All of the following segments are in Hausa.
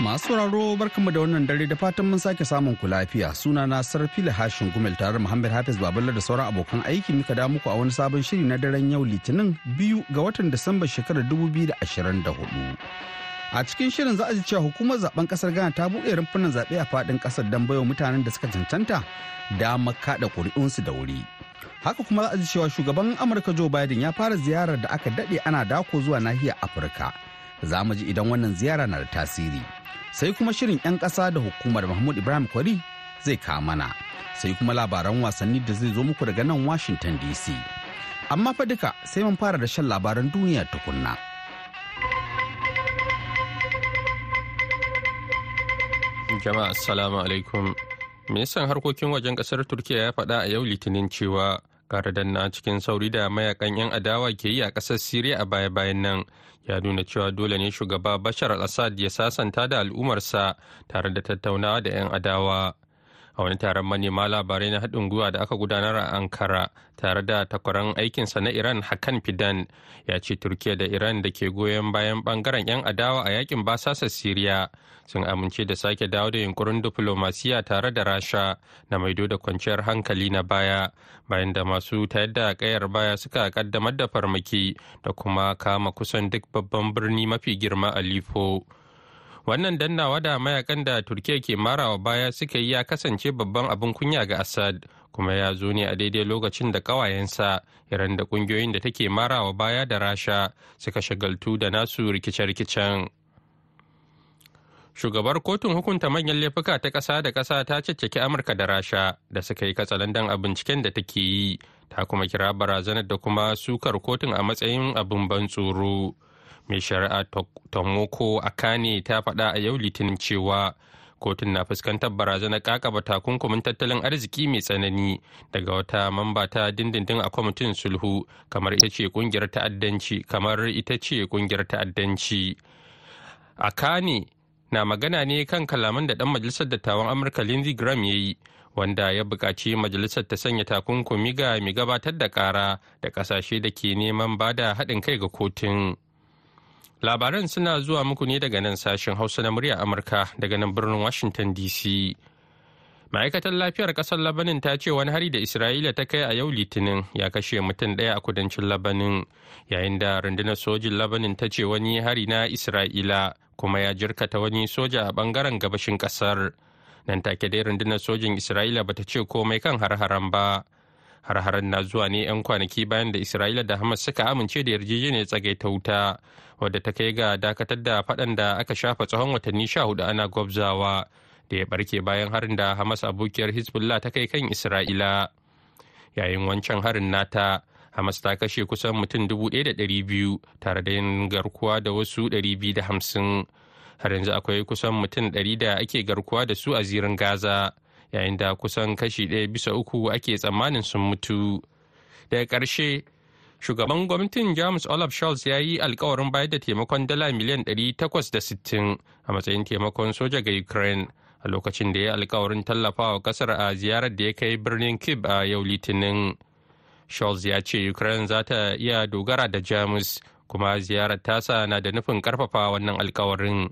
Masu sauraro barkanmu da wannan dare da fatan mun sake samun ku lafiya suna na sarfila hashin gumel tare da Muhammad Hafiz Babalar da sauran abokan aiki muka da muku a wani sabon shiri na daren yau litinin biyu ga watan Disamba shekarar 2024. A cikin shirin za a ji cewa hukumar zaben kasar Ghana ta buɗe rumfunan zaɓe a faɗin ƙasar don baiwa mutanen da suka cancanta damar kaɗa ƙuri'unsu da wuri. Haka kuma za a ji cewa shugaban Amurka Joe Biden ya fara ziyarar da aka daɗe ana dako zuwa nahiyar Afirka. Za mu ji idan wannan ziyara na da tasiri. sai kuma shirin 'yan ƙasa da hukumar mahmud ibrahim kwari zai kamana sai kuma labaran wasanni da zai zo muku daga nan washington dc amma fa duka sai mun fara da shan labaran duniya tukunna jama'a assalamu alaikum ministan harkokin wajen kasar turkiya ya faɗa a yau litinin cewa na cikin sauri da mayakan 'yan adawa ke yi a ƙasar Siriya a baya-bayan nan ya nuna cewa dole ne shugaba Bashar al-Assad ya sasanta da al'umarsa tare da tattaunawa da 'yan adawa. a wani taron manema labarai na haɗin gwiwa da aka gudanar a ankara tare da takwaran aikinsa na iran hakan fidan ya ce turkiya da iran da ke goyon bayan bangaren 'yan adawa a yakin basasa siriya sun amince da sake dawo da yunkurin diflomasiya tare da rasha na maido da kwanciyar hankali na baya bayan da masu tayar da kayar baya suka kaddamar da farmaki da kuma kama kusan duk babban birni mafi girma a lifo wannan dannawa da mayakan da turkiya ke marawa baya suka yi ya kasance babban abin kunya ga assad kuma ya zo ne a daidai lokacin da kawayensa iran da kungiyoyin da take marawa baya da rasha suka shagaltu da nasu rikice-rikicen shugabar kotun hukunta manyan laifuka ta ƙasa da ƙasa ta caccaki amurka da rasha da suka yi katsalandan a binciken da take yi ta kuma kira barazanar da kuma sukar kotun a matsayin abin ban tsoro. mai shari'a tomoko akane ta faɗa a yau litinin cewa kotun na fuskantar barazanar kakaba takunkumin tattalin arziki mai tsanani daga wata mamba ta dindindin a kwamitin sulhu kamar ita ce kungiyar ta'addanci kamar ita ce kungiyar ta'addanci akane na magana ne kan kalaman da dan majalisar dattawan amurka lindsey graham ya yi wanda ya buƙaci majalisar ta sanya takunkumi ga mai gabatar da ƙara da ƙasashe da ke neman bada haɗin kai ga kotun. Labaran suna zuwa muku ne daga nan sashen Hausa na murya Amurka daga nan birnin Washington DC. Ma'aikatar lafiyar ƙasar Labanin ta ce wani hari da Isra'ila ta kai a yau Litinin ya kashe mutum ɗaya a kudancin Labanin, yayin da rundunar sojin Labanin ta ce wani hari na Isra'ila kuma ya jirkata wani soja a ɓangaren gabashin ƙasar. Nan take dai rundunar sojin Isra'ila bata ce komai kan har-haren ba. Har-haren na zuwa ne 'yan kwanaki bayan da Isra'ila da Hamas suka amince da yarjejeniyar tsagaita wuta. wadda ta kai ga dakatar da faɗan da aka shafa tsawon watanni sha hudu ana gwabzawa da ya barke bayan harin da hamas abokiyar hezbollah ta kai kan isra'ila yayin wancan harin nata hamas ta kashe kusan mutum dubu da ɗari biyu tare da yin garkuwa da wasu biyu da hamsin har yanzu akwai kusan mutum ɗari da ake garkuwa da su a zirin gaza yayin da kusan kashi ɗaya bisa uku ake tsammanin sun mutu daga ƙarshe shugaban gwamnatin james olaf scholz ya yi alkawarin bayar da taimakon dala miliyan 860 a matsayin taimakon soja ga ukraine a lokacin da ya yi alkawarin tallafawa kasar a ziyarar da ya kai birnin kib a yau litinin scholz ya ce ukraine za ta iya dogara da jamus kuma ziyarar tasa na da nufin karfafa wannan alkawarin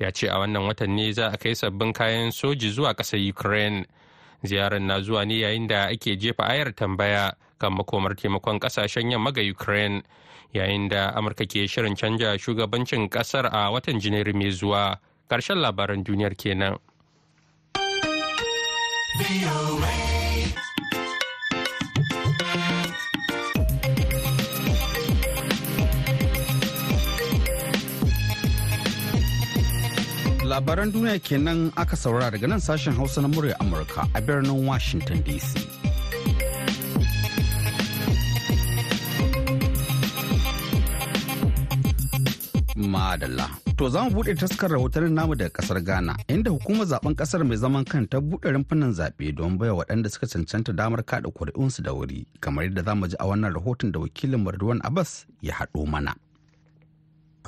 ya ce a wannan watan ne za a kai sabbin kayan soji zuwa ƙasar ukraine ziyarar na zuwa ne yayin da ake jefa ayar tambaya kan makomar taimakon kasashen yamma ga Ukraine yayin da Amurka ke shirin canja shugabancin kasar a watan Janairu mai zuwa. karshen labaran duniyar kenan. labaran duniya kenan aka saurara daga nan sashen hausa na murya amurka a birnin washington dc Adalla. To za mu buɗe taskar rahotannin namu daga ƙasar Ghana inda hukumar zaben ƙasar mai zaman kan ta buɗe rumfunan zaɓe don baiwa waɗanda suka cancanta damar kaɗa kuri'unsu da wuri kamar yadda za mu ji a wannan rahoton da wakilin Marduwan Abbas ya haɗo mana.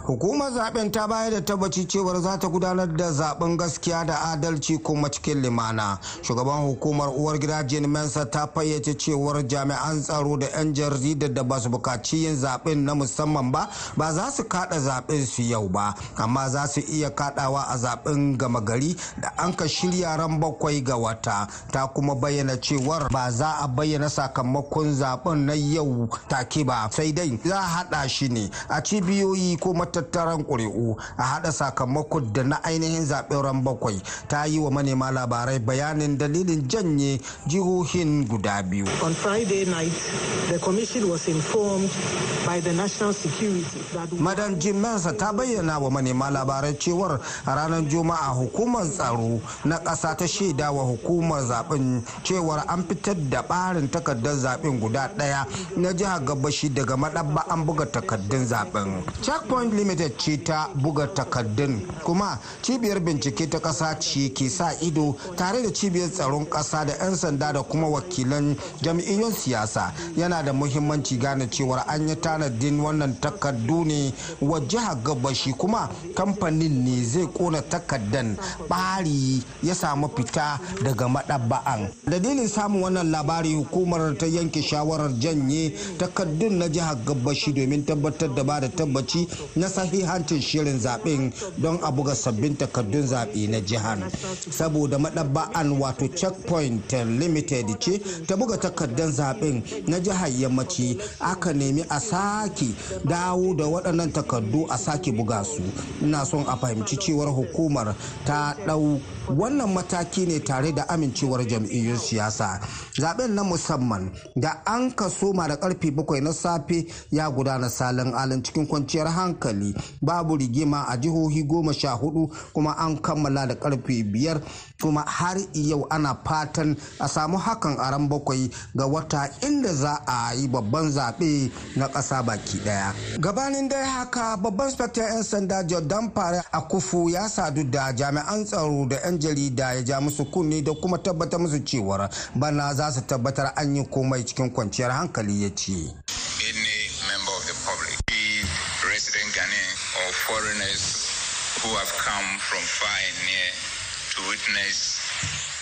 Hukumar zaben ta bayar da tabbaci cewar za ta gudanar da zaben gaskiya da adalci kuma cikin limana. Shugaban hukumar uwar gida Jane Mensa ta fayyace cewar jami'an tsaro da 'yan jarida da ba su bukaci yin zaben na musamman ba ba za su kada zaben su yau ba amma za su iya kadawa a zaben gama gari da an ka shirya ran bakwai ga wata ta kuma bayyana cewar ba za a bayyana sakamakon zaben na yau take ba sai dai za a hada shi ne a cibiyoyi ko matattaran ƙuri'u a haɗa sakamakon da na ainihin zaɓen ran bakwai ta yi wa manema labarai bayanin dalilin janye jihohin guda biyu. On Friday night, the by the national security Madan ta bayyana wa manema labarai cewar a ranar Juma'a hukumar tsaro na ƙasa ta shaida wa hukumar zaɓen cewar an fitar da ɓarin takardar zaɓen guda ɗaya na jihar gabashi daga maɗaba'an an buga takardun zaɓen. Checkpoint limited ce ta buga takardun kuma cibiyar bincike ta ƙasa ce ke sa ido tare da cibiyar tsaron ƙasa da 'yan sanda da kuma wakilan jam'iyyun siyasa yana da muhimmanci gane cewar an yi tanadin wannan takardu ne wa jihar gabashi kuma kamfanin ne zai kona takardan bari ya samu fita daga maɗaba'an dalilin samun wannan labari hukumar ta yanke shawarar janye takardun na jihar gabashi domin tabbatar da ba da tabbaci na sahihancin shirin zaɓen don a buga sabbin takardun zaɓe na jihar saboda maɗaba'an wato checkpoint limited ce ta buga takardun zaɓen na jihar yammaci aka nemi a sake dawo da waɗannan takardu a sake buga su ina son a fahimci cewar hukumar ta ɗau wannan mataki ne tare da amincewar jam'iyyun siyasa zaɓen na musamman da an kaso mara da karfe bakwai na safe ya gudana salin alin cikin kwanciyar hankali hankali babu rigima a jihohi goma sha hudu kuma an kammala da karfe biyar kuma har yau ana fatan a samu hakan a ran bakwai ga wata inda za a yi babban zaɓe na ƙasa baki ɗaya gabanin dai haka babban spectre 'yan sanda jordan fara a kufu ya sadu da jami'an tsaro da 'yan jarida ya ja musu kunne da kuma tabbatar musu cewar bana za su tabbatar an yi komai cikin kwanciyar hankali ya ce foreigners who have come from far and near to witness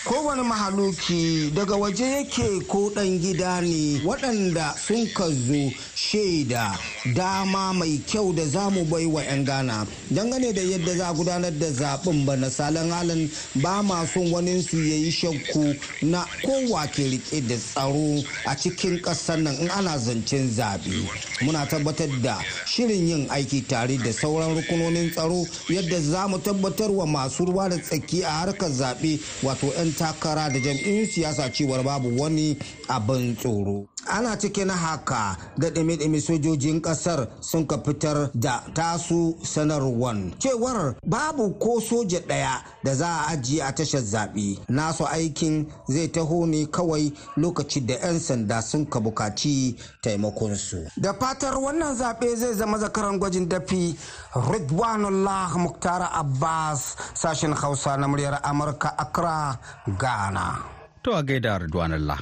kowane mahaluki daga waje yake ko ɗan gida ne waɗanda sun ka zo shaida dama mai kyau da za mu bai wa 'yan gana dangane da yadda za gudanar da zaben ba na salon halin ba ma son wani su ya yi shakku na kowa ke rike da tsaro a cikin ƙasar nan in ana zancen zaɓe muna tabbatar da shirin yin aiki tare da sauran rukunonin tsaro yadda za mu tabbatar wa masu ruwa da tsaki a harkar zaɓe wato 'yan takara da jam'iyyun siyasa cewar babu wani abin tsoro ana cikin haka daɗin ɗimi sojojin ƙasar sun ka fitar da tasu sanarwan cewar babu ko soja ɗaya da za a ajiye a tashar zaɓe nasu aikin zai taho ne kawai lokaci da 'yan sanda sun ka bukaci taimakonsu da fatar wannan zaɓe zai zama zakaran gwajin dafi ridwanullah muktar abbas sashen hausa na muryar amurka accra ghana to a gaida ridwanullah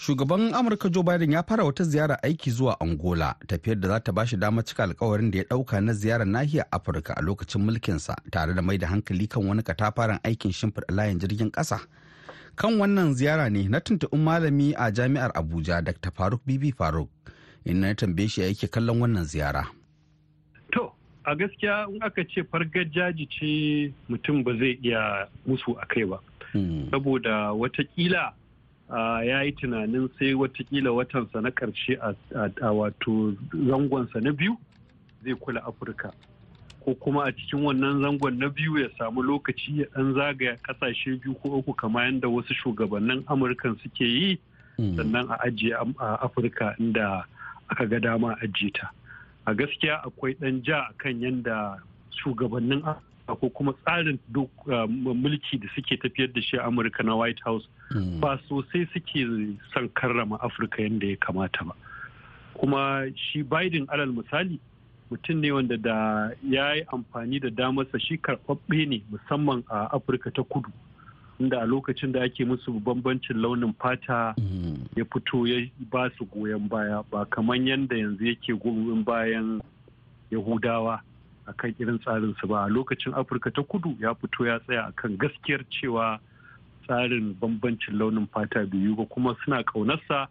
shugaban amurka joe biden ya fara wata ziyara aiki zuwa angola tafiyar da za ta bashi damar cika alkawarin da ya dauka na ziyarar nahiyar afirka a lokacin mulkinsa tare da mai da hankali kan wani katafaren aikin shimfir layin jirgin kasa kan wannan ziyara ne na tuntun malami a jami'ar abuja dr faruk bibi faruk inda na tambaye shi yake kallon wannan ziyara to a gaskiya in aka ce fargajaji ce mutum ba zai iya musu a kai ba hmm. saboda watakila ya yi tunanin sai watakila watansa na karshe a wato zangonsa na biyu zai kula afirka ko kuma a cikin wannan zangon na biyu ya samu lokaci ya ɗan zagaya kasashe biyu ko uku kama yadda wasu shugabannin amurkan suke yi hmm. sannan a ajiye a afirka inda aka ga dama ajiye ta a gaskiya akwai ɗan ja kan yadda shugabannin ko kuma tsarin uh, mulki da suke tafiyar da shi a amurka na white house hmm. ba sosai suke son karrama afirka yadda ya kamata ba kuma shi biden alal misali mutum ne wanda da ya yi amfani da damarsa shi karɓaɓɓe ne musamman a afirka ta kudu inda a lokacin da ake musu bambancin launin fata hmm. ya fito ya ba su goyon baya ba kamar yadda yanzu yake goyon bayan yahudawa akan irin tsarinsu ba lokacin afirka ta kudu ya fito ya tsaya a kan gaskiyar cewa tsarin bambancin launin fata biyu ba kuma suna kaunarsa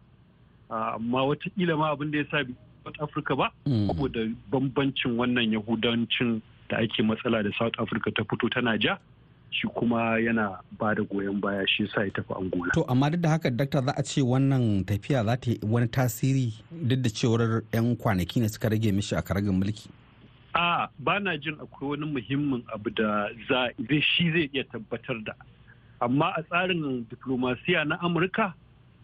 ah, amma watakila ma abin da ya sa south africa ba mm. saboda bambancin wannan yahudancin da ake matsala da south africa ta fito tana ja shi kuma yana ba da goyon baya shi sa ya tafi angola to amma duk da haka dakta za a ce wannan tafiya za ta yi wani tasiri duk da cewar 'yan kwanaki ne suka rage mishi a karagin mulki a ba na jin akwai wani muhimmin abu da zai shi zai iya tabbatar da amma a tsarin diplomasiya na amurka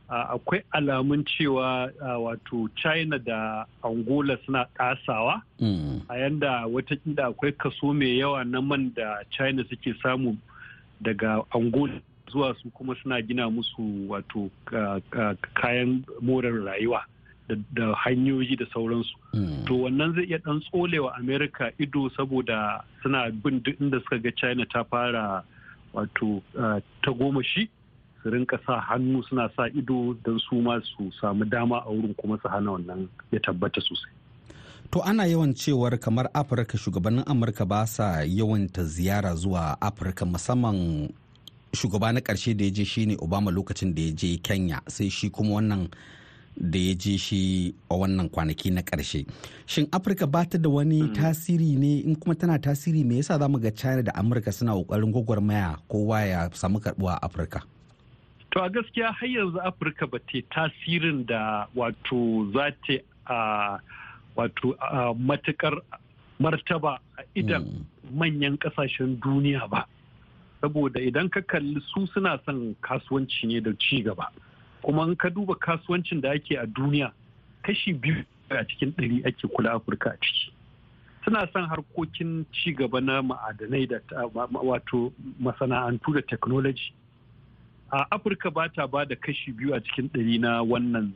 akwai alamun cewa wato china da angola suna ƙasawa. Hmm. a yanda watakila akwai kaso mai yawa na man da china suke samu daga angola zuwa su kuma suna gina musu wato kayan more rayuwa da hanyoyi da sauransu hmm. to wannan zai iya dan tsolewa america ido saboda suna bin duk inda suka ga china ta fara wato ah, ta goma shi su rinka sa hannu suna sa ido don su ma su samu dama a wurin kuma su hana wannan ya tabbata sosai to ana yawan cewar kamar afirka shugabannin amurka ba sa yawan ta ziyara zuwa afirka musamman shugaba na karshe da ya je shine obama lokacin da ya je kenya sai shi kuma wannan da ya je shi a wannan kwanaki na karshe. shin afirka ba ta da wani hmm. tasiri ne in kuma tana tasiri me yasa za mu ga china da amurka suna ƙoƙarin gwagwarmaya kowa ya samu karɓuwa a afirka to a gaskiya har yanzu afirka ba ta tasirin da wato za ta wato matukar martaba a idan hmm. manyan kasashen duniya ba saboda idan ka kalli su suna son kasuwanci ne da ci gaba kuma in ka duba kasuwancin da ake a duniya kashi biyu a cikin ɗari ake kula afirka a ciki suna son harkokin ci gaba na ma'adanai da wato masana'antu da technology a afirka ba ta ba da kashi biyu a cikin ɗari na wannan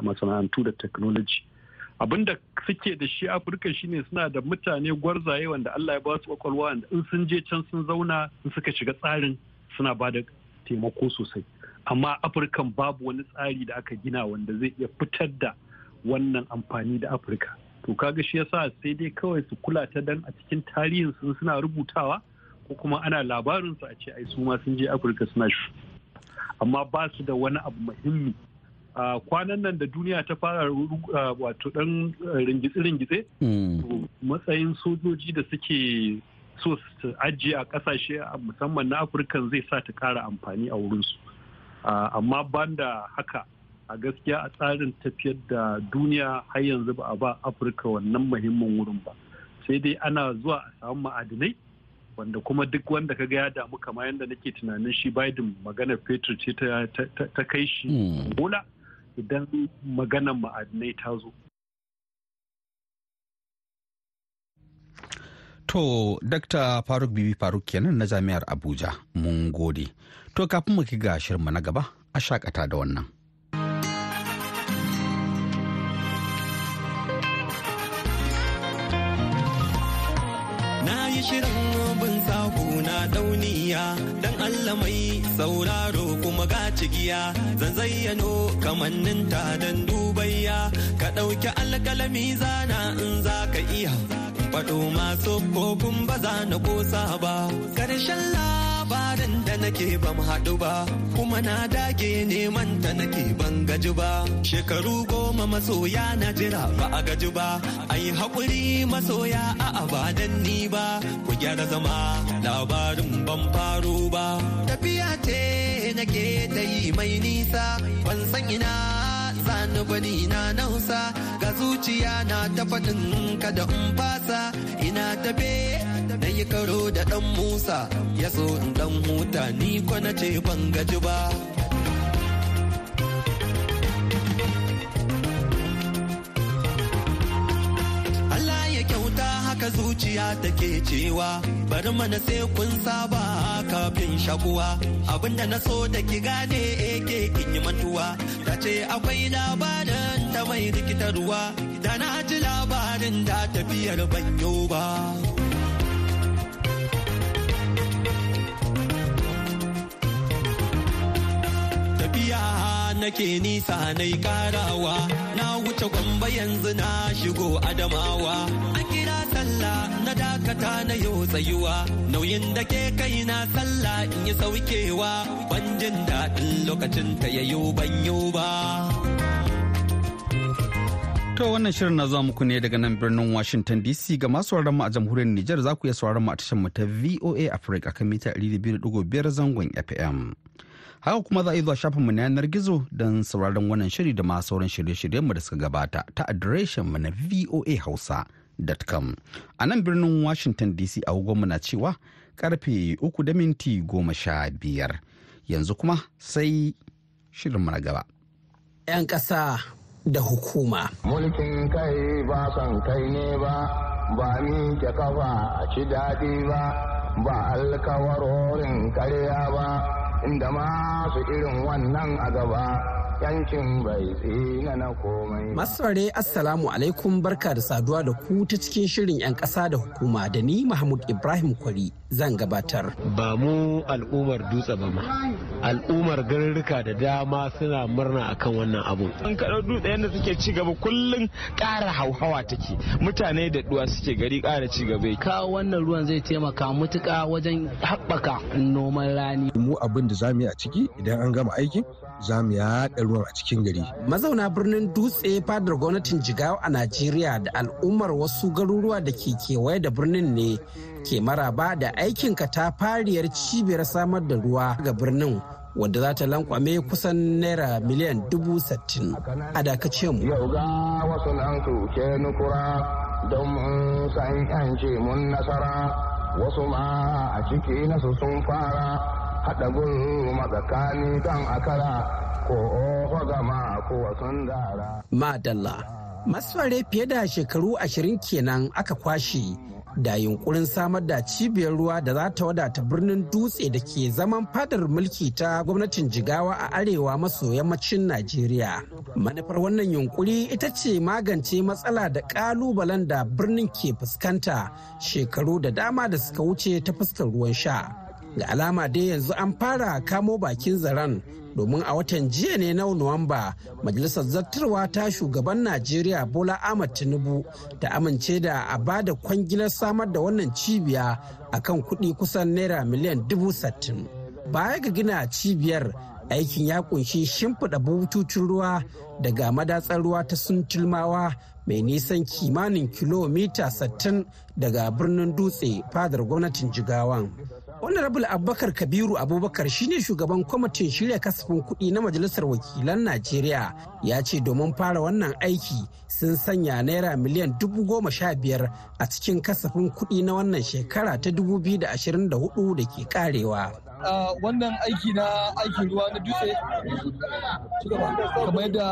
masana'antu da technology abinda suke da shi afirka shine suna da mutane gwarzaye wanda allah ya ba su kwakwalwa wanda in sun je can sun zauna in suka shiga tsarin suna ba da taimako sosai amma afirkan babu wani tsari da aka gina wanda zai iya fitar da wannan amfani da afirka to kaga shi yasa sai dai kawai su kula ta dan a cikin tarihin sun suna rubutawa ko kuma ana labarin su a ce ai su ma sun je afirka suna shi amma ba su da wani abu muhimmi kwanan nan da duniya ta fara wato dan ringitse-ringitse hmm. matsayin sojoji da suke so su ajiye a kasashe musamman na afirka zai sa ta kara amfani a wurin su Ah, amma banda haka a gaskiya a tsarin tafiyar da duniya har yanzu ba a ba afirka wannan muhimmin wurin ba sai dai ana zuwa a samu ma'adinai wanda kuma duk wanda kaga ya damu kama yadda nake tunanin shi biden maganar fetur ce ta kai shi hmm. bola idan maganar ma'adinai ta zo To, Dr. Faruk Bibi Faruk kenan na Jami'ar Abuja, mun gode. To, kafin mu ga shirma na gaba, a shakata da wannan. Na yi shirin bin sako na dauniya, dan Allah mai sauraro kuma ga cigiya, zan zayyano kamanninta don dubayya, ka ɗauki alkalami zana in za ka iya. faɗo masu kogun ba za na kosa ba ƙarshen labarin da nake ban haɗu ba kuma na dage neman ta nake ban gaji ba shekaru goma masoya na jira ba a gaji ba ai haƙuri masoya a abadan ni ba ku gyara zama labarin ban faru ba tafiya ce nake ta yi mai nisa ban san ina sani bani na nausa ga zuciya na ta faɗin kada in fasa ina tafe na yi karo da ɗan musa ya so in ɗan huta ni ko na ce ban gaji ba Allah ya kyauta haka zuciya take cewa bari mana sai kun saba kafin shakuwa abinda na so da ki gane ake kin yi mantuwa ta ce akwai labarin ta mai rikitarwa da na ji labarin da tafiyar banyo ba. tafiya nake nisa na karawa na wuce gwamba yanzu na shigo adamawa ta na yau tsayuwa nauyin da ke kai na sallah in yi saukewa ban jin daɗin lokacin ta yayo ban ba. To wannan shirin na zuwa muku ne daga nan birnin Washington DC ga masu mu a jamhuriyar Nijar za ku iya sauraron mu a tashar mu ta VOA Africa kan mita 200.5 zangon FM. haka kuma za a yi zuwa shafin mu na yanar gizo don sauraron wannan shiri da ma sauran shirye shiryen mu da suka gabata ta adireshin mu na voa hausa com a nan birnin washington dc agogonmu muna cewa karfe uku da minti goma sha biyar yanzu kuma sai shirinmu na gaba 'yan ƙasa da hukuma mulkin kai ba son kai ne ba ba ni ke kafa a ci daɗi ba ba alkawarorin karya ba inda masu irin wannan a gaba yancin bai tsina na komai. Masarare Assalamu alaikum barka da saduwa da ku ta cikin shirin 'yan ƙasa da hukuma da ni Mahmud Ibrahim Kwari zan gabatar. Ba mu al'ummar dutse ba ma. Al'ummar garurruka da dama suna murna akan wannan abu. An kaɗau dutse yadda suke ci gaba kullum ƙara hauhawa take. Mutane da duwa suke gari ƙara ci gaba. Kawo wannan ruwan zai taimaka mutuƙa wajen haɓaka noman rani. Mu abin da za mu yi a ciki idan an gama aikin za mu yaɗa ruwan a cikin gari. Mazauna birnin dutse fadar gwamnatin Jigawa a Najeriya da al'ummar wasu garuruwa da ke kewaye da birnin ne ke maraba da aikin katafariyar cibiyar samar da ruwa ga birnin wadda za ta lankwame kusan naira miliyan dubu sittin a dakace mu. Yau ga wasu nan ke nukura don mun san mun nasara wasu ma a ciki nasu sun fara haɗa gulma tsakani akara ko oho gama ko wasan dara. Madalla, masware fiye da shekaru ashirin kenan aka kwashe da yunkurin samar da cibiyar ruwa da za ta wadata birnin dutse da ke zaman fadar mulki ta gwamnatin jigawa a arewa maso yammacin najeriya manufar wannan yunkuri ita ce magance matsala da kalubalen da birnin ke fuskanta shekaru da dama da suka wuce ta fuskar ruwan sha ga alama dai yanzu an fara kamo bakin zaren domin a watan jiya ne na nuwamba majalisar zartarwa ta shugaban najeriya bola ahmad tinubu ta amince da a ba da kwangilar samar da wannan cibiya akan kuɗi kusan naira miliyan dubu sattin baya ga gina cibiyar aikin ya kunshi shimfiɗa bututun ruwa daga madatsar ruwa ta suntulmawa mai nisan kimanin kilomita 60 daga birnin dutse fadar gwamnatin jigawan honorable abubakar kabiru abubakar shine shugaban kwamitin shirya kasafin kuɗi na majalisar wakilan najeriya ya ce domin fara wannan aiki sun sanya naira miliyan dubu goma sha biyar a cikin kasafin kuɗi na wannan shekara ta dubu biyu da da ashirin hudu da ke karewa wannan aiki na aikin ruwa na dutse kamar yadda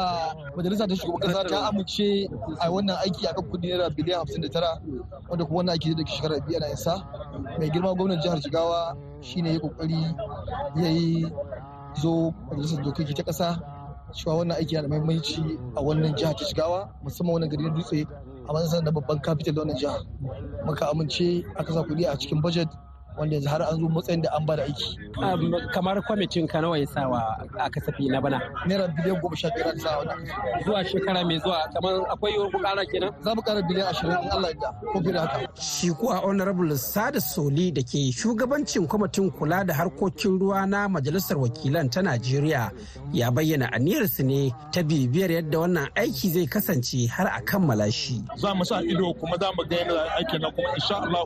majalisa ta shugaban kasa ta amince a wannan aiki a kan kudi naira biliyan hamsin da tara wanda kuma wannan aiki da ke shekara biyu ana isa mai girma gwamnan jihar jigawa shine ya kokari ya yi zo majalisar dokoki ta kasa cewa wannan aiki yana da muhimmanci a wannan jihar ta jigawa musamman wannan gari na dutse a matsayin da babban kafital da wannan jihar muka amince aka sa kuɗi a cikin budget wanda yanzu har an zo matsayin da an bada aiki. kamar kwamitin ka nawa ya sawa a kasafi na bana. naira biliyan goma sha biyar aka sa wannan zuwa shekara mai zuwa kamar akwai yiwuwar ku kara kenan. za mu kara biliyan ashirin in Allah ya ko fi haka. shi kuwa honorable sada soli da ke shugabancin kwamitin kula da harkokin ruwa na majalisar wakilan ta najeriya ya bayyana aniyarsu ne ta bibiyar yadda wannan aiki zai kasance har a kammala shi. za mu sa ido kuma za mu ga yadda aikin na kuma insha Allah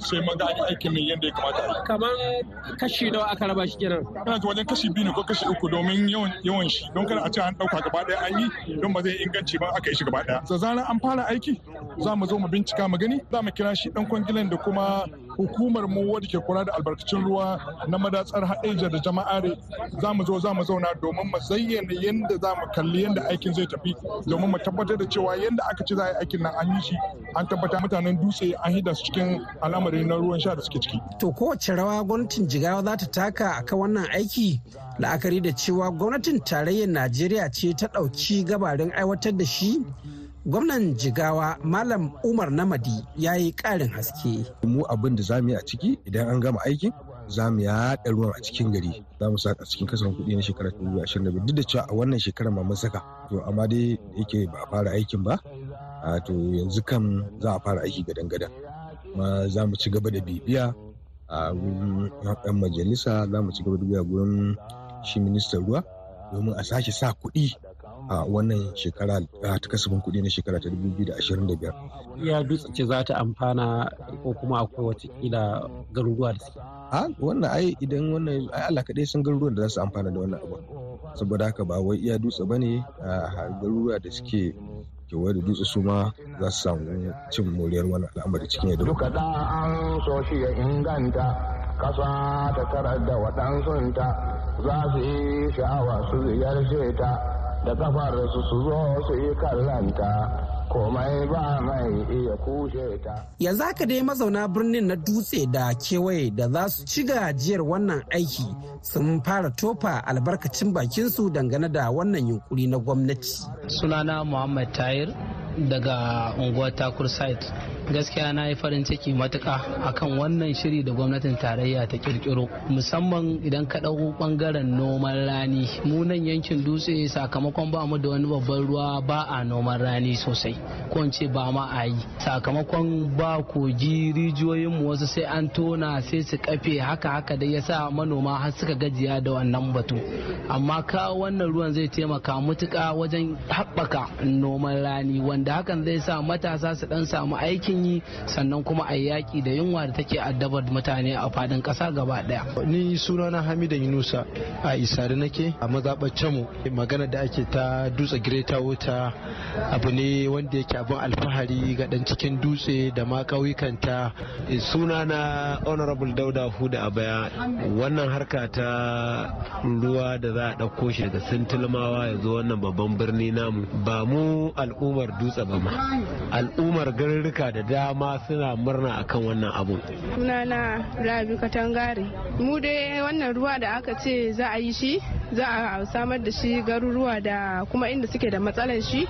sai mun ga aikin nan yadda da ya kamata a Kamar kashi nawa aka raba shi kenan. Kana ji wajen kashi biyu ne ko kashi uku domin yawan yawan shi don kada a ce an ɗauka gaba ɗaya an yi don ba zai inganci ba aka yi shi gaba ɗaya. Da an fara aiki za mu zo mu bincika mu gani za mu kira shi ɗan kwangilan da kuma hukumar mu wadda ke kula da albarkacin ruwa na madatsar haɗeja da jama'are za mu zo za mu zauna domin mu zayyana yadda za mu kalli yadda aikin zai tafi domin mu tabbatar da cewa yadda aka ci za a yi aikin nan an yi shi an tabbata mutanen dutse an hida su cikin al'amari na ruwan sha da suke ciki. To kowace rawa gwamnatin jigawa za ta taka a kan wannan aiki la'akari da cewa gwamnatin tarayyar Najeriya ce ta ɗauki gabarin aiwatar da shi gwamnan jigawa malam umar namadi ya yi ƙarin haske mu abin da za mu yi a ciki idan an gama aikin za mu yaɗa ruwan a cikin gari za mu saka cikin kasan kuɗi na da 2025 duk da cewa a wannan shekara ma mun saka to amma dai yake ba a fara aikin ba a to yanzu kan za a fara aiki gadan gadan ma za mu ci gaba da bibiya a wurin majalisa za mu ci gaba da bibiya gurin shi ministan ruwa domin a sake sa kuɗi a wannan shekara ta kasafin kuɗi na shekara ta 2025. Iya dutse ce za ta amfana ko kuma akwai watakila garuruwa da suke. A wannan ai idan wannan ai Allah kaɗai sun garuruwan da za su amfana da wannan abu. Saboda haka ba wai iya dutse ba ne a garuruwa da suke kewaye da dutse su ma za su samu cin moriyar wannan al'amari cikin yadda. Duka da an so shi ya inganta kasa ta karar da waɗansunta za su yi sha'awa su ziyarce ta da kafar su su zo su yi kallanta komai ba mai iya kushe ta. Yanzu haka dai mazauna birnin na dutse da kewaye da za su ci gajiyar wannan aiki sun fara tofa albarkacin bakinsu dangane da wannan yunkuri na gwamnati. Sunana Muhammad Tahir daga unguwar Takur Site. gaskiya na yi farin ciki matuka akan wannan shiri da gwamnatin tarayya ta kirkiro musamman idan ka ɗauko ɓangaren noman rani mu nan yankin dutse sakamakon ba mu da wani babban ruwa ba a noman rani sosai ko in ce ba ma a yi sakamakon ba kogi rijiyoyin mu wasu sai an tona sai su kafe haka haka da sa manoma har suka gajiya da wannan batu amma ka wannan ruwan zai taimaka matuka wajen haɓaka noman rani wanda hakan zai sa matasa su dan samu aikin sanyi sannan kuma a yaƙi da yunwa da take addabar mutane a fadin ƙasa gaba ɗaya. Ni sunana Hamida Yunusa a Isari nake a mazaɓar mu magana da ake ta dutse Greater wata abu ne wanda yake abin alfahari ga dan cikin dutse da ma ta suna na Honorable Dauda Huda Abaya wannan harka ta ruwa da za a ɗauko shi daga Sintilmawa ya zo wannan babban birni namu ba mu al'ummar dutse ba ma al'ummar garurruka da dama suna murna akan wannan abun. Sunana Rabi Katangare. Mu dai wannan ruwa da aka ce za a yi shi, za a samar da shi garuruwa da kuma inda suke da matsalar shi.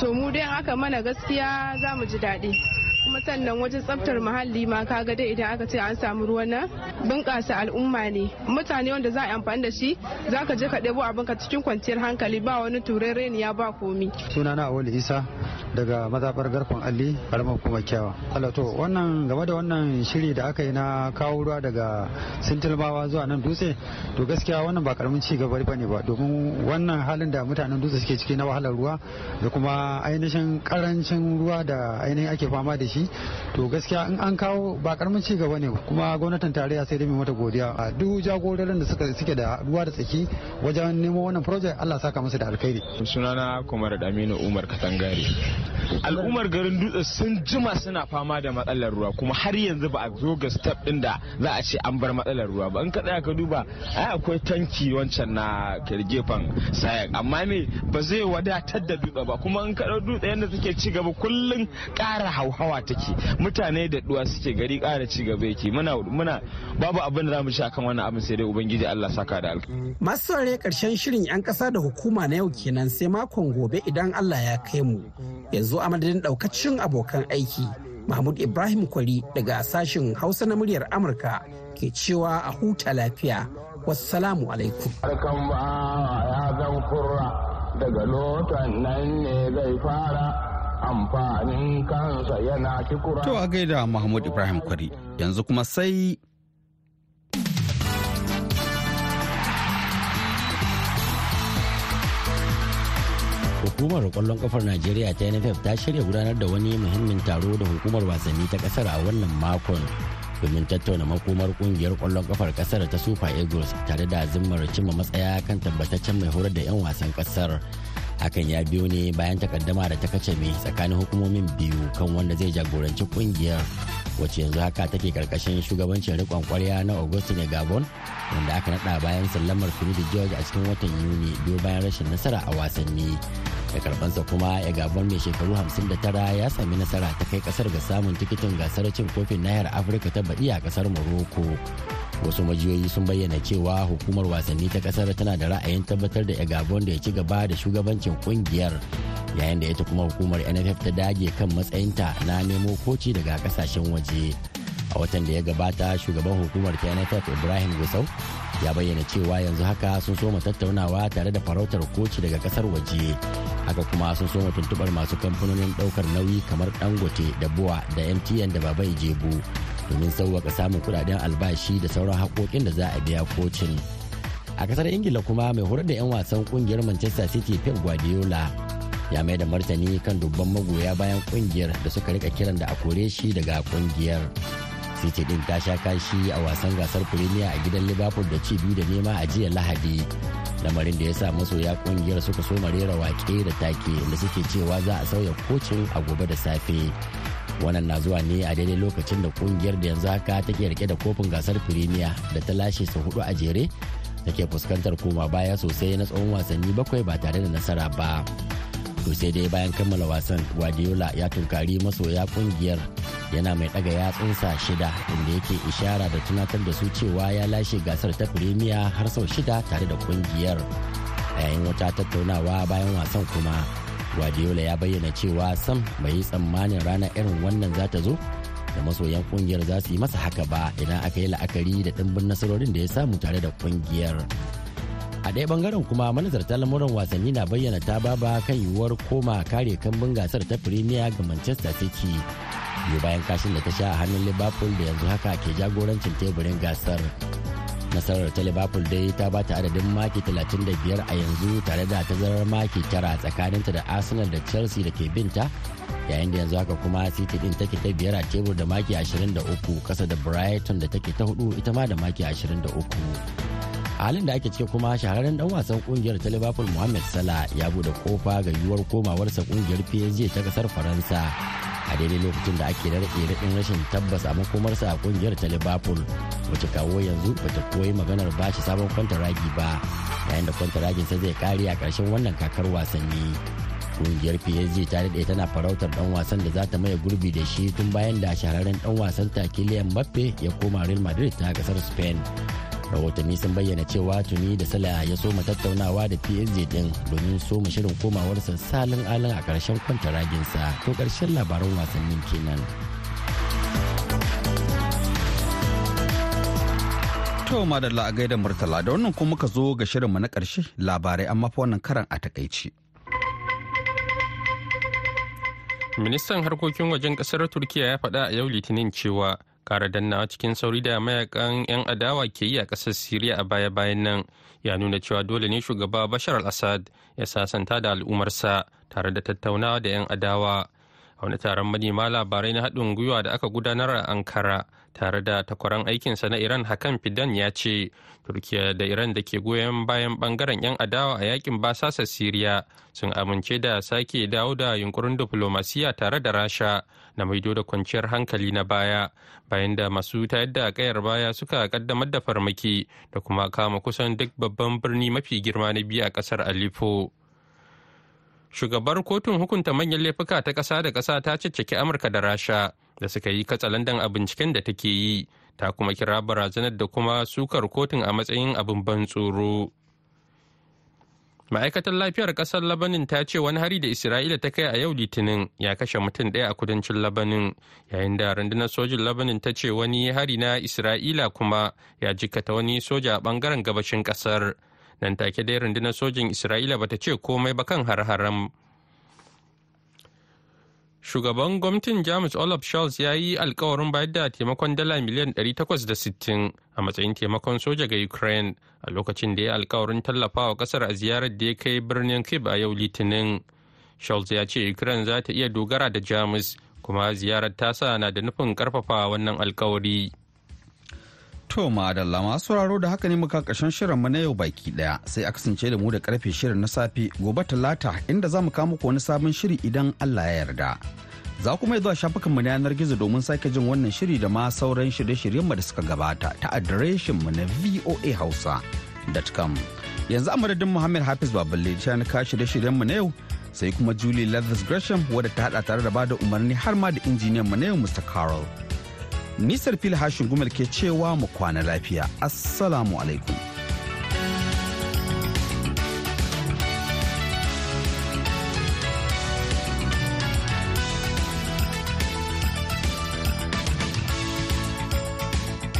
To mu dai haka mana gaskiya za mu ji daɗi. kuma sannan wajen tsaftar muhalli ma ka ga dai idan aka ce an samu ruwan nan bunƙasa al'umma ne mutane wanda za a amfani da shi za ka je ka ɗebo ka cikin kwanciyar hankali ba wani ya ba komi suna na awali isa daga mazaɓar garkon alli karamar kuma kyawa alato wannan game da wannan shiri da aka yi na kawo ruwa daga sintilmawa zuwa nan dutse to gaskiya wannan ba karamin ci gaba bane ba domin wannan halin da mutanen dutse suke ciki na wahalar ruwa da kuma ainihin karancin ruwa da ainihin ake fama da shi to gaskiya in an kawo ba karamin ci gaba ne kuma gwamnatin tarayya sai dai mai mata godiya a duk jagororin da suka suke da ruwa da tsaki wajen nemo wannan project Allah saka masa da alkhairi sunana Kumar Aminu Umar Katangare al'ummar garin dutse sun jima suna fama da matsalar ruwa kuma har yanzu ba a zo ga step din da za a ce an bar matsalar ruwa ba in ka tsaya ka duba ai akwai tanki wancan na kirgefan sayak amma me ba zai wadatar da dutse ba kuma in ka dutse yadda suke ci gaba kullum kara hauhawa take mutane da duwa suke gari kara ci gaba yake muna muna babu abin da zamu ci akan wannan abin sai dai ubangiji Allah saka da alƙa masu saurare karshen shirin yan ƙasa da hukuma na yau kenan sai makon gobe idan Allah ya kai mu yanzu a madadin daukacin abokan aiki Mahmud Ibrahim Kwari daga sashen Hausa na muryar Amurka ke cewa a huta lafiya. Wassalamu alaikum. barkan ba ya zan kurra daga lotan nan ne zai fara. amfanin kansa yana kikura. To a gaida Mahmud Ibrahim Kwari yanzu kuma sai Hukumar kwallon kafar Najeriya ta NFF ta shirya gudanar da wani muhimmin taro da hukumar wasanni ta kasar a wannan makon domin tattauna makomar kungiyar kwallon kafar kasar ta Super Eagles tare da zimmar cimma matsaya kan tabbataccen mai horar da 'yan wasan kasar. hakan ya biyo ne bayan takaddama da ta mai tsakanin hukumomin biyu kan wanda zai jagoranci kungiyar wacce yanzu haka take karkashin shugabancin rikon kwarya na augustine gabon wanda aka nada bayan sallamar da george a cikin watan yuni biyu bayan rashin nasara a wasanni da karbansa kuma ya gabon mai shekaru 59 ya sami nasara ta kai kasar ga samun tikitin gasar cin kofin nahiyar afirka ta baɗi a kasar morocco wasu majiyoyi sun bayyana cewa hukumar wasanni ta kasar tana da ra'ayin tabbatar da egabon da ya ci gaba da shugabancin kungiyar yayin da ita kuma hukumar nff ta dage kan matsayinta na nemo koci daga kasashen waje a watan da ya gabata shugaban hukumar ta nff ibrahim gusau ya bayyana cewa yanzu haka sun soma tattaunawa tare da farautar koci daga kasar waje haka kuma sun soma tuntubar masu kamfanonin daukar nauyi kamar dangote da buwa da mtn da babai jebu domin sauwaka samun kudaden albashi da sauran haƙoƙin da za a biya kocin a kasar ingila kuma mai horar da 'yan wasan kungiyar manchester city pep guardiola ya mai da martani kan dubban magoya bayan kungiyar da suka rika kiran da a kore shi daga kungiyar city din ta sha kashi a wasan gasar premier a gidan liverpool da ci biyu da nema a jiya lahadi lamarin da ya sa masoya kungiyar suka so rera wake da take da suke cewa za a sauya kocin a gobe da safe wannan na zuwa ne a daidai lokacin da kungiyar da yanzu haka ta ke rike da kofin gasar firimiya da ta lashe sau hudu a jere ke fuskantar koma baya sosai na tsawon wasanni bakwai ba tare da nasara ba to sai dai bayan kammala wasan guardiola ya tunkari masoya kungiyar yana mai daga yatsunsa shida inda yake ishara da tunatar da su cewa ya lashe gasar ta firimiya har sau shida tare da kungiyar yayin wata tattaunawa bayan wasan kuma guardiola ya bayyana cewa sam bai yi tsammanin rana irin wannan za ta zo da masoyan kungiyar za su yi masa haka ba idan aka yi la'akari da ɗimbin nasarorin da ya samu tare da kungiyar a ɗaya bangaren kuma manazarta lamuran wasanni na bayyana ta baba kan yiwuwar koma kare kambun gasar ta Premier ga manchester city biyu bayan kashin da ta sha a hannun liverpool da yanzu haka ke jagorancin teburin gasar nasarar ta liverpool dai ta ba ta adadin maki 35 a yanzu tare da tazarar maki tara tsakaninta da arsenal da chelsea da ke binta yayin da yanzu haka kuma city din take ta biyar a tebur da maki 23 kasa da brighton da take ta hudu ita ma da maki 23 a halin da ake cike kuma shahararren dan wasan kungiyar ta liverpool mohamed salah ya bude kofa ga yiwuwar komawarsa kungiyar psg ta kasar faransa a daidai lokacin da ake rarrabe raɗin rashin tabbas a makomarsa a kungiyar ta liverpool wacce kawo yanzu bata koyi maganar bashi sabon kwanta ragi ba yayin da kwanta sa zai kare a ƙarshen wannan kakar wasanni kungiyar psg ta daɗe tana farautar ɗan wasan da za ta maye gurbi da shi tun bayan da shahararren ɗan wasan ta kiliyan mbappe ya koma real madrid ta ƙasar spain rahotanni sun bayyana cewa tuni da sala ya soma tattaunawa da psg din domin soma shirin komawarsa salin alin a karshen kwanta raginsa to karshen labaran wasannin kenan To madalla a gaida murtala da wannan kuma muka zo ga shirinmu na ƙarshe labarai amma fa wannan karan a takaici. Ministan harkokin wajen ƙasar Turkiya ya faɗa a yau Litinin cewa kara dannawa cikin sauri da mayakan 'yan adawa ke yi a ƙasar siriya a baya-bayan nan ya nuna cewa dole ne shugaba bashar al-assad ya sasanta da al'umarsa tare da tattaunawa da 'yan adawa a wani taron manema labarai na haɗin gwiwa da aka gudanar a ankara tare da takwaran aikinsa na iran hakan fidan ya ce turkiya da iran da ke goyon bayan bangaren 'yan adawa a yakin basasa siriya sun amince da sake dawo da yunkurin diflomasiya tare da rasha na maido da kwanciyar hankali na baya bayan da masu tayar da kayar baya suka kaddamar da farmaki da kuma kama kusan duk babban birni mafi girma na biyu a kasar aleppo shugabar kotun hukunta manyan laifuka ta ƙasa da kasa ta cicciki amurka da rasha da suka yi katsalandan a binciken da take yi ta kuma kira barazanar da kuma sukar kotun a matsayin abin ban tsoro ma'aikatar lafiyar ƙasar labanin ta ce wani hari da isra'ila ta kai a yau litinin ya kashe mutum ɗaya a kudancin labanin yayin da rundunar sojin labanin ta ce wani hari na isra'ila kuma ya jikata wani soja a bangaren gabashin ƙasar. nan take dai rundunar sojin isra'ila bata ce komai ba kan har-haren shugaban gwamnatin jamus olaf scholz ya yi alkawarin bayar da taimakon dala miliyan 860 a matsayin taimakon soja ga ukraine a lokacin da ya alkawarin tallafawa kasar a ziyarar da ya kai birnin kib a yau litinin scholz ya ce ukraine za ta iya dogara da jamus kuma ziyarar tasa na da nufin karfafa wannan alkawari To da masu sauraro da haka ne muka shirin mu na yau baki daya sai a kasance da mu da karfe shirin na safe gobe talata inda za mu kama wani sabon shiri idan Allah ya yarda. Za kuma zuwa shafukanmu na yanar gizo domin sake jin wannan shiri da ma sauran shirye mu da suka gabata ta adireshinmu na voahausa.com. Yanzu a Muhammad Hafiz Baballe ta na kashi da shiryenmu na yau sai kuma Julie lathis Gresham wadda ta hada tare da bada umarni har ma da injiniyanmu na yau Mr. Carol. Nisar fil hashin gumal ke cewa mu kwana lafiya. Assalamu alaikum.